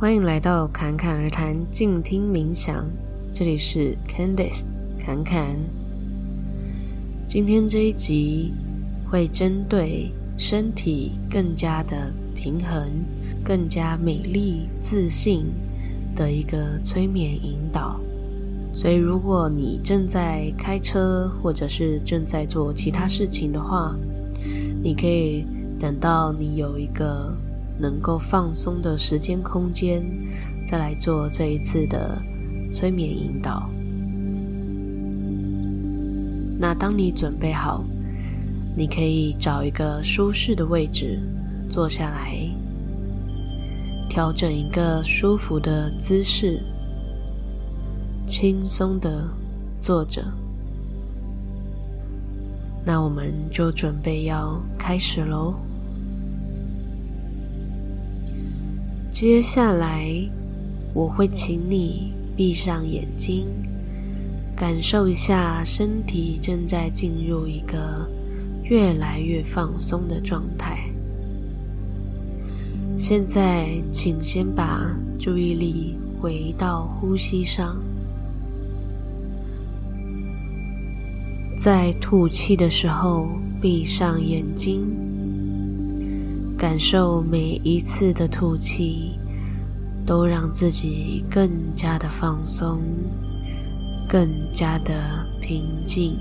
歡迎來到侃侃而談，靜聽冥想。這裡是 Candice 侃侃。今天這一集會針對身體更加的平衡、更加美麗、自信的一個催眠引導。所以，如果你正在開車或者是正在做其他事情的話，你可以等到你有一個能夠放鬆的時間空間，再來做這一次的催眠引導。那當你準備好，你可以找一個舒適的位置坐下來，調整一個舒服的姿勢，輕鬆地坐着。那我們就準備要開始嘍。接下來，我會請你閉上眼睛，感受一下身體正在進入一個越來越放鬆的狀態。現在，請先把注意力回到呼吸上，在吐氣的時候，閉上眼睛。感受每一次的吐氣，都讓自己更加的放鬆，更加的平靜。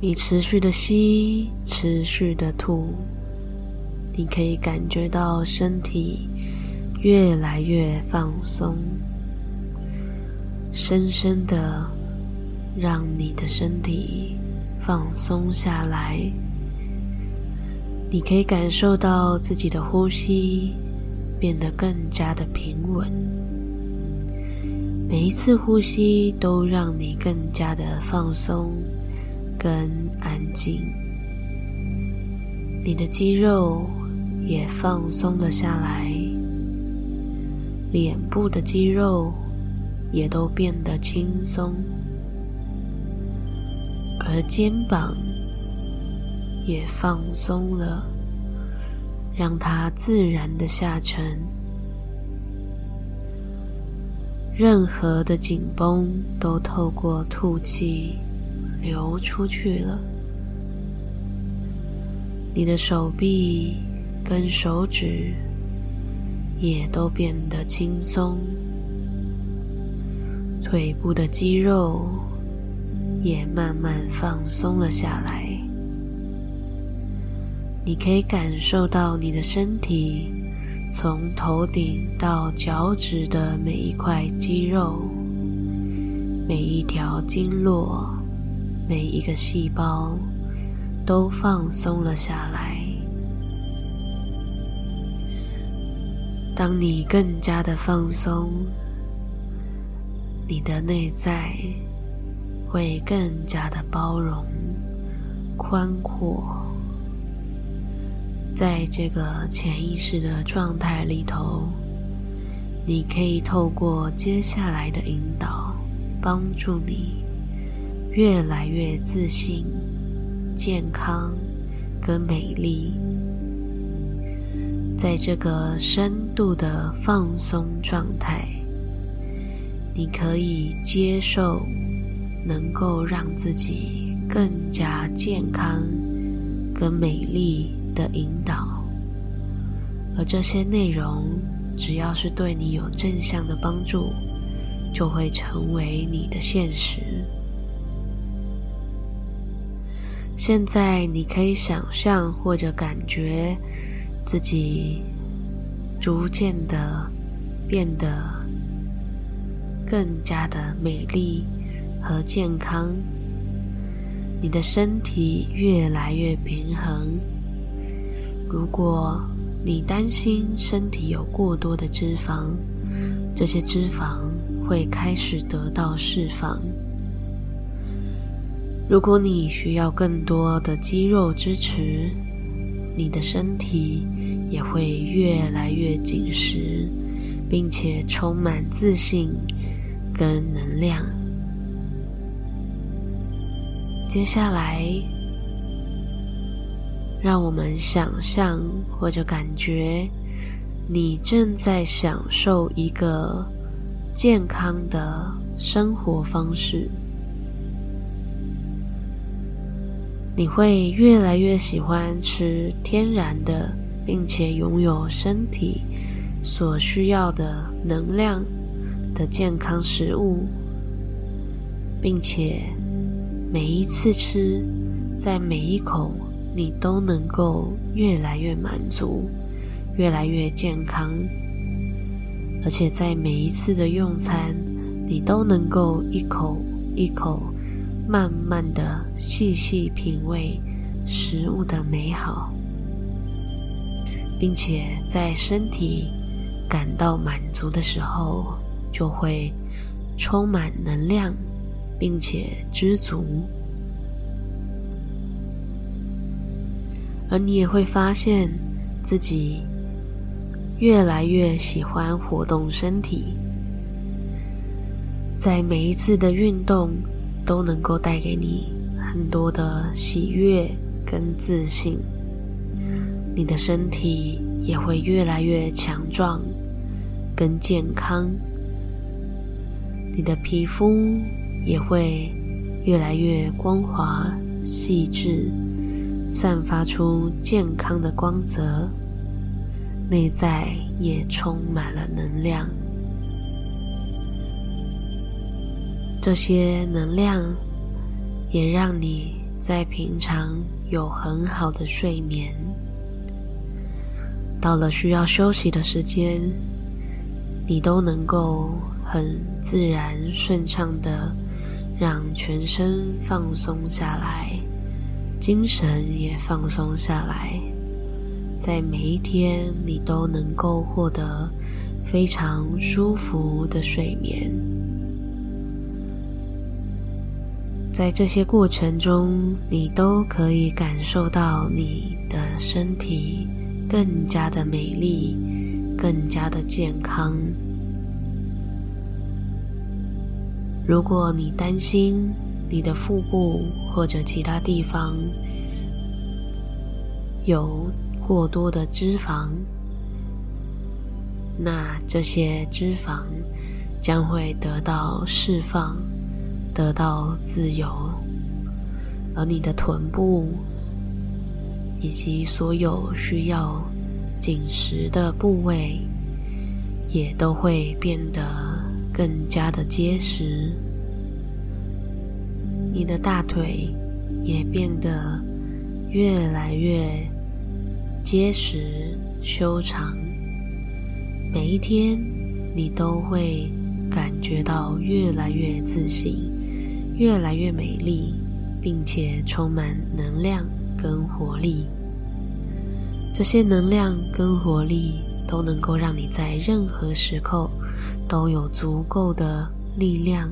你持續的吸，持續的吐，你可以感覺到身體越來越放鬆，深深的讓你的身體放鬆下來。你可以感受到自己的呼吸變得更加的平穩，每一次呼吸都讓你更加的放鬆跟安靜。你的肌肉也放鬆了下來，臉部的肌肉也都變得輕鬆，而肩膀。也放鬆了，讓它自然的下沉。任何的緊繃都透過吐氣流出去了。你的手臂跟手指也都變得輕鬆，腿部的肌肉也慢慢放鬆了下來。你可以感受到你的身體，從頭頂到腳趾的每一塊肌肉、每一條經絡、每一個細胞都放鬆了下來。當你更加的放鬆，你的內在會更加的包容、寬闊。在這個潛意識的狀態裡頭，你可以透過接下來的引導，幫助你越來越自信、健康跟美麗。在這個深度的放鬆狀態，你可以接受，能夠讓自己更加健康跟美麗。的引導，而這些內容，只要是對你有正向的幫助，就會成為你的現實。現在，你可以想象或者感覺自己逐漸的變得更加的美麗和健康，你的身體越來越平衡。如果你擔心身體有過多的脂肪，這些脂肪會開始得到釋放。如果你需要更多的肌肉支持，你的身體也會越來越緊實，並且充滿自信跟能量。接下來。讓我們想象或者感覺，你正在享受一個健康的生活方式。你會越來越喜歡吃天然的，並且擁有身體所需要的能量的健康食物，並且每一次吃，在每一口。你都能夠越來越滿足，越來越健康，而且在每一次的用餐，你都能夠一口一口慢慢的細細品味食物的美好，並且在身體感到滿足的時候，就會充滿能量，並且知足。而你也會發現自己越來越喜歡活動身體，在每一次的運動都能夠帶給你很多的喜悅跟自信，你的身體也會越來越強壯、跟健康，你的皮膚也會越來越光滑、細緻。散發出健康的光澤，內在也充滿了能量。這些能量也讓你在平常有很好的睡眠，到了需要休息的時間，你都能夠很自然順暢的讓全身放鬆下來。精神也放鬆下來，在每一天你都能夠獲得非常舒服的睡眠。在這些過程中，你都可以感受到你的身體更加的美麗，更加的健康。如果你擔心你的腹部或者其他地方有過多的脂肪，那這些脂肪將會得到釋放，得到自由，而你的臀部以及所有需要緊實的部位也都會變得更加的結實。你的大腿也變得越來越結實、修長。每一天，你都會感覺到越來越自信、越來越美麗，並且充滿能量跟活力。這些能量跟活力都能夠讓你在任何時候都有足夠的力量。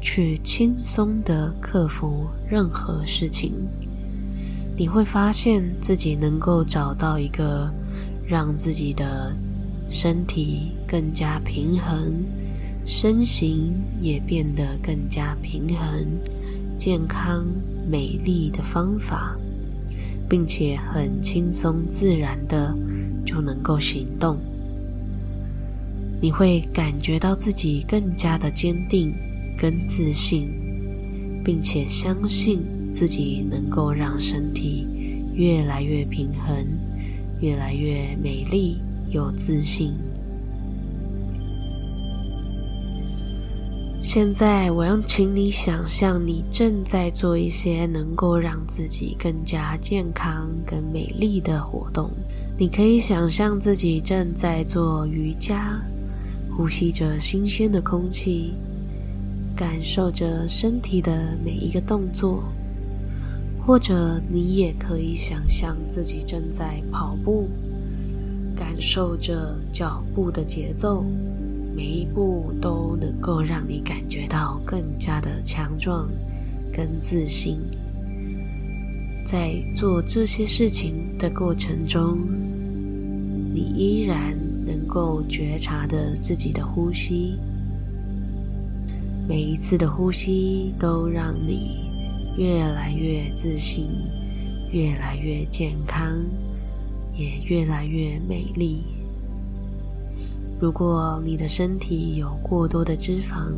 去輕鬆的克服任何事情，你會發現自己能夠找到一個讓自己的身體更加平衡，身形也變得更加平衡、健康、美麗的方法，並且很輕鬆自然的就能夠行動。你會感覺到自己更加的堅定。跟自信，並且相信自己能夠讓身體越來越平衡、越來越美麗、有自信。現在，我要請你想象你正在做一些能夠讓自己更加健康跟美麗的活動。你可以想象自己正在做瑜伽，呼吸着新鮮的空氣。感受着身體的每一個動作，或者你也可以想象自己正在跑步，感受着腳步的節奏，每一步都能夠讓你感覺到更加的強壯跟自信。在做這些事情的過程中，你依然能夠覺察着自己的呼吸。每一次的呼吸都讓你越來越自信，越來越健康，也越來越美麗。如果你的身體有過多的脂肪，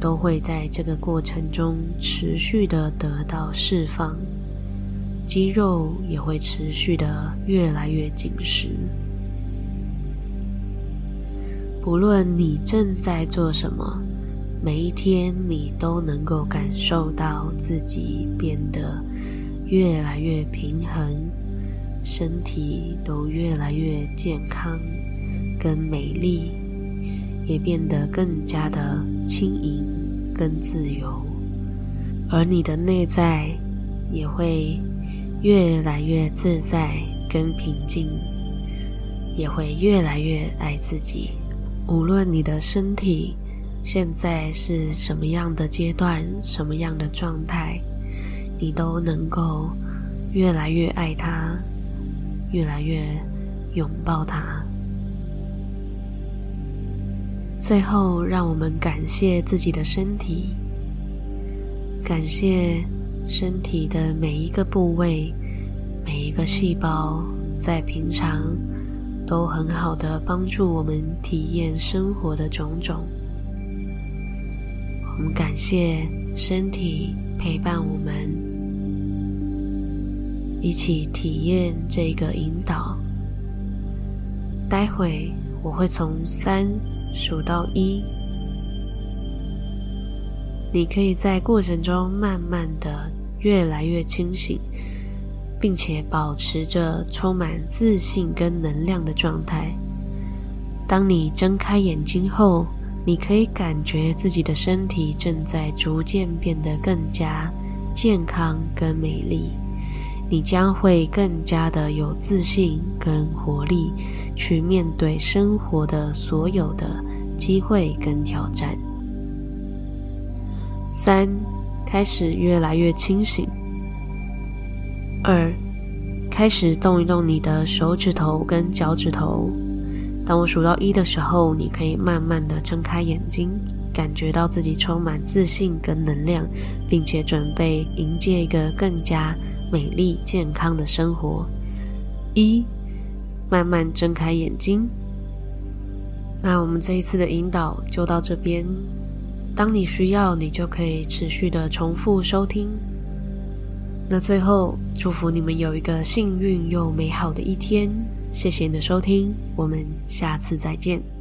都會在這個過程中持續的得到釋放，肌肉也會持續的越來越緊實。不論你正在做什麼。每一天，你都能夠感受到自己變得越來越平衡，身體都越來越健康跟美麗，也變得更加的輕盈跟自由，而你的內在也會越來越自在跟平靜，也會越來越愛自己。無論你的身體，現在是什麼樣的階段，什麼樣的狀態，你都能夠越來越愛它，越來越擁抱它。最後，讓我們感謝自己的身體，感謝身體的每一個部位、每一個細胞，在平常都很好的幫助我們體驗生活的種種。我們感謝身體陪伴我們，一起體驗這個引導。待會我會從三數到一，你可以在過程中慢慢的越來越清醒，並且保持着充滿自信跟能量的狀態。當你睜開眼睛後，你可以感覺自己的身體正在逐漸變得更加健康跟美麗，你將會更加的有自信跟活力，去面對生活的所有的機會跟挑戰。三，開始越來越清醒。二，開始動一動你的手指頭跟腳趾頭。當我數到一的時候，你可以慢慢的睜開眼睛，感覺到自己充滿自信跟能量，並且準備迎接一個更加美麗健康的生活。一，慢慢睜開眼睛。那我們這一次的引導就到這邊。當你需要，你就可以持續的重複收聽。那最後，祝福你們有一個幸運又美好的一天。謝謝你的收聽，我們下次再見。